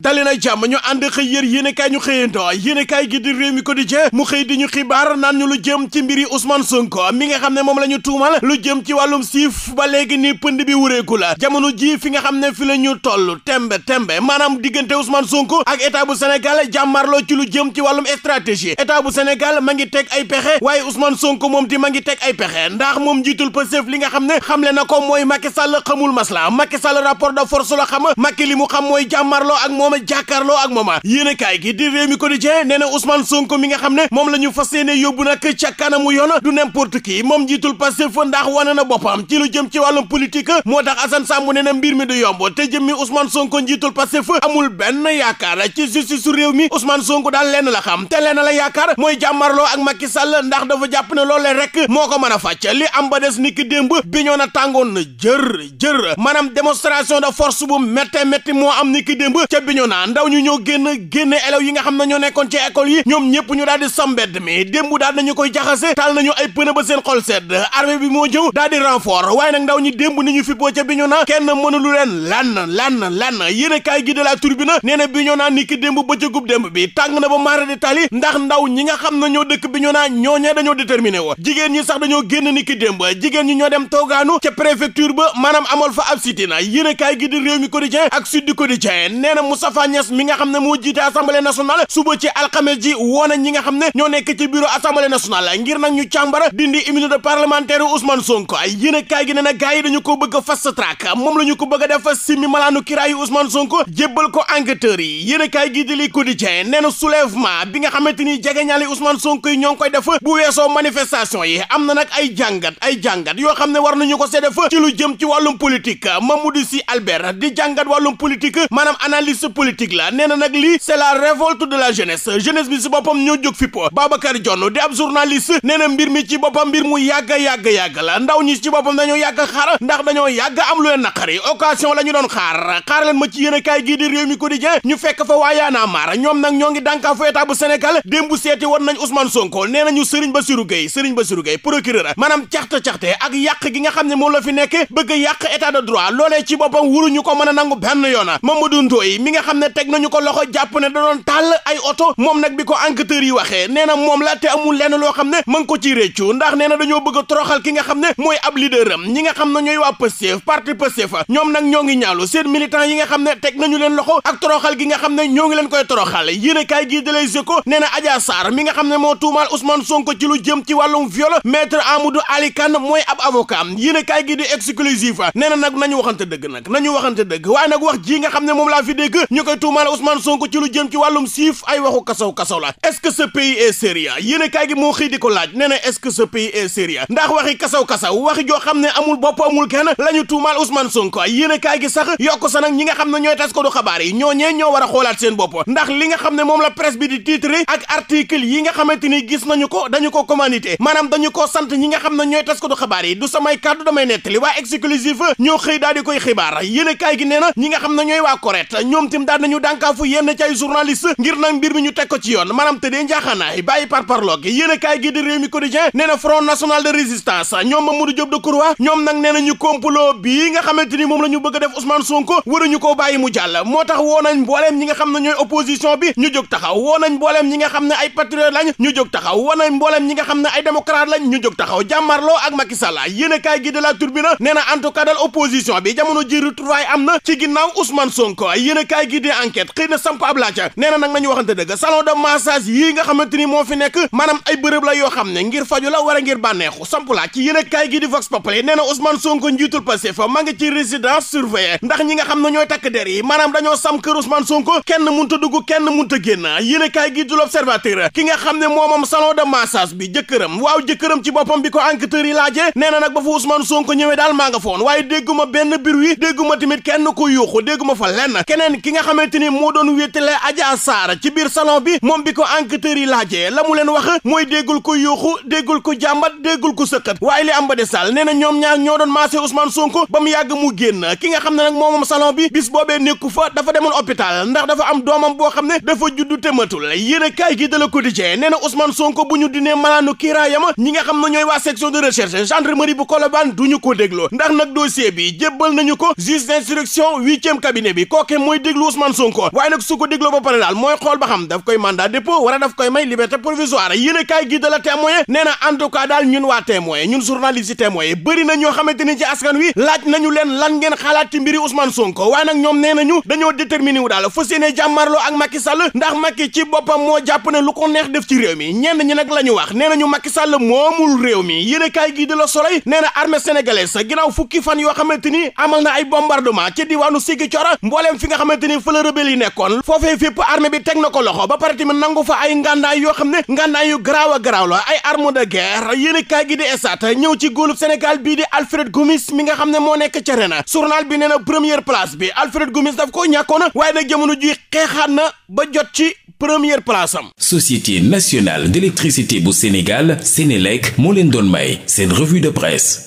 dali na jàmm ñu ànd xëy yër yéenekaay ñu xëyantoo yéenekaay gi di Rewmi Quotidien mu xëy di ñu xibaar naan ñu lu jëm ci mbiri Ousmane Sonko mi nga xam ne moom la ñu tuumal lu jëm ci wàllum siif ba léegi nii pënd bi wureeku la jamono ji fi nga xam ne fi la ñu toll tembe tembe maanaam diggante Ousmane Sonko ak état bu Sénégal jàmmarloo ci lu jëm ci wàllum stratégie état bu Sénégal ma ngi teg ay pexe waaye Ousmane Sonko moom di ma ngi teg ay pexe ndax moom jiitul Pastef li nga xam ne xamle na ko mooy Macky Sall xamul masla Macky Sall rapport de force la xam Macky li mu xam mooy jàmmarloo ak moom mën a jàkkaarloo ak mooma yéen a kaay gi di réew mi quotidien nee na Ousmane mi nga xam ne moom la ñu fas yéene yóbbu nag ca kanamu yoon du n'importe qui moom jiitul Pastef ndax wane na boppam ci lu jëm ci wàllum politique moo tax Assane Samb nee na mbir mi du yomb te jëm mi Ousmane Sonko njiitul Pastef amul benn yaakaar ci justice su réew mi Ousmane Sonko daal lenn la xam te lenn la yaakaar mooy jàmmarloo ak Macky Sall ndax dafa jàpp ne loolee rek moo ko a fàcc li am ba des niki démb bi ñoo na tàngoon na jër jër maanaam démonstration de Bignona ndaw ñu ñoo génn génne nga xam ne ñoo nekkoon ci école yi ñoom ñëpp ñu daal di sambedd mi démb daal ñu fippoo ca Bignona kenn gi de la Tribune ndax ndaw ñi nga xam na ñoo dëkk Bignona ñooñee dañoo déterminé wo jigéen ñi sax dañoo génn ni ki démb jigéen ñi ñoo dem toogaanu ca préfecture ba maanaam amal fa ab sitina yéen kaay gi di réew mi quotidien ak Sud Quotidien nee na Moustapha Niass mi nga xam ne moo jiite assemblée nationale suba ci alxames ji woo ñi nga xam ne ñoo nekk ci bureau assemblée nationale ngir na ñu càmbara dindi immunité parlementaire Ousmane Sonko yéen a kaay gi ne na gars yi ko bëgg a fast track moom la ñu ko bëgg a def simmi malaanu kiraayu Ousmane Sonko jébbal ko enquêteurs yi yéen a kaay gi di li quotidien nee na soulèvement bi nga xamante ni jegeñaali Ousmane Sonko yi ñoo koy def bu weesoo manifestation yi am na nag ay jàngat ay jàngat yoo xam ne war nañu ko seede fa lu jëm ci wàllum politique Mamadou Sy Albert di jàngat wàllum politique maanaam analyse politique la nee na nag lii c'est la révolte de la jeunesse jeunesse bi si boppam ñoo jóg fippo Babacar Dione di ab journaliste nee na mbir mi ci boppam mbir mu yàgga yàgg yàgg la ndaw ñi ci boppam dañoo yàgg xaar ndax dañoo yàgg am lu leen naqari occasion la ñu doon xaar xaar leen ma ci yéen a kaay gii di réew mi quotidien ñu fekk fa waa yaanaa maar ñoom nag ñoo ngi dànkaafu état bu Sénégal démb bu seeti woon nañ Ousmane Sonko nee nañu Serigne Bassirou Gueye Serigne Bassirou Gueye procureur maanaam caxte-caxte ak yàq gi nga xam ne moom la fi nekk bëgg yàq état de droit loolee ci boppam wuruñu ko a nangu benn yoona Mamadou xam ne teg nañu ko loxo jàpp ne da doon tàll ay oto moom nag bi ko enquêteurs yi waxee nee na moom la te amul lenn loo xam ne ma ngi ko ci réccu ndax nee na dañoo bëgg a toroxal ki nga xam ne mooy ab leader am ñi nga xam ne ñooy waa Pastef parti Pastef ñoom nag ñoo ngi ñaalu seen militants yi nga xam ne teg nañu leen loxo ak toroxal gi nga xam ne ñoo ngi leen koy toroxal yéen a kaay gii de Les Échos nee na mi nga xam ne moo tuumaal Ousmane Sonko ci lu jëm ci wàllum viol maître Amadou Ali mooy ab avocat yéen a kaay gii di exclusif nee na nag nañu waxante dëgg nag nañu waxante dëgg waaye nag wax ji nga xam ne moom laa fi dégg ñu koy tuumaal Ousmane Sonko ci lu jëm ci wàllum siif ay waxu kasaw kasaw la est-ce que ce pays est sérieux gi moo xëy di ko laaj nee na ce que ce pays ndax waxi kasaw kasaw waxi joo xam ne amul bopp amul kenn la ñu tuumaal Ousmane Sonko yéen kaay gi sax yokk sa ñi nga xam ne ñooy tas ko du xabaar yi ñooñee ñoo war a xoolaat seen bopp ndax li nga xam ne moom la presse bi di titre ak article yi nga xamante ni gis nañu ko dañu ko commandité maanaam dañu ko sant ñi nga xam ne ñoo xëy daal di koy xibaar yéen na ñi nga xam ne ñoom daan nañu dànkaafu yenn ci ay journaliste ngir nag mbir mi ñu teg ko ci yoon maanaam te dee bàyyi parparloog yéen a kaay gi réew mi quotidien nee na front national de résistance ñoom Mamadou Diop Decroix ñoom nag nee ñu complot bii nga xamante ni moom la ñu bëgg a def Ousmane Sonko waruñu koo bàyyi mu jàll moo tax woo nañ mbooleem ñi nga xam ne bi ñu jóg taxaw woo nañ mbooleem ñi nga ne ay patriote lañ ñu jóg taxaw woo nañ mbooleem ñi nga xam ne ay démocrate lañ ñu jóg taxaw jàmmarloo ak Macky Sall yéen a kaay gi bi jamono ji retrouvaille am na ci ginnaaw gi di enquête xëy na samp ab na nag nañu waxante dëgg salon xamante ni moo fi nekk maanaam ay bërëb la yoo xam ne ngir faju la wala ngir bànneexu samp laaj ci yéen a kaay gi di Vox Populi nee na Ousmane Sonko njiitul Pastef ma ngi ci résidence surveillée ndax ñi nga xam ne ñooy takk der yi maanaam dañoo sam kër Ousmane Sonko kenn munta dugg kenn mun génn yéen a kaay gi du l'Observateur ki nga xam ne moomam salon de massage bi jëkkëram waaw jëkkëram ci boppam bi ko enquêteurs yi laajee nee na nag ba fa Ousmane Sonko ñëwee daal maa nga foon waaye dégguma benn biir wi dégguma tamit kenn ko yuuxu dégguma fa lenn keneen ki nga xamante ni moo doon wéetale Adja Sarr ci biir salon bi moom bi ko enquêteurs yi laajee la mu leen wax mooy déggul ko yuuxu déggul ko jàmbat déggul ko sëqat waaye li am ba de sall nee na ñoom ñaar ñoo doon maase son Sonko ba mu yàgg mu génn ki nga xam ne nag moomoom salon bi bis boobee nekku fa dafa demoon hôpital ndax dafa am doomam boo xam ne dafa juddu tëmatul yéen a kaay gi de la Quotidien nee na Ousmane Sonko bu ñu dinee malaanu kiiraayam ñi nga xam ne ñooy waa section de recherche gendarmerie bu Colobane duñu ko dégloo ndax nag dossier bi jébbal nañu ko juge d'instruction huitième bi kooke mooy déglu déglu Ousmane Sonko waaye nag su ko dégloo ba pare daal mooy xool ba xam daf koy mandat dépôt wala daf koy may liberté provisoire yéen a kaay gi nee na en daal ñun waa témoin ñun journaliste yi bëri na ñoo xamante ci askan wi laaj nañu leen lan ngeen xalaat ci mbiri Ousmane Sonko waaye nag ñoom nee nañu dañoo déterminé daal fas yéene jàmmarloo ak Macky Sall ndax Macky ci boppam moo jàpp ne lu ko neex def ci réew mi ñenn ñi a ni fa la rebelle yi nekkoon foofee fépp bi teg na ko loxo ba pare tamit nangu fa ay ngàndaay yoo xam ne ngàndaay yu garaaw a garaaw la ay arme de guerre yéen i gi di esat ñëw ci góolub Sénégal bii di Alfred Gomis mi nga xam ne moo nekk ca na journal bi nee na première place bi Alfred Gomis daf ko ñàkkoona waaye na jamono ji xeexaat na ba jot ci première place am société nationale d'électricité bu Sénégal Sénélec moo leen doon may seen revue de presse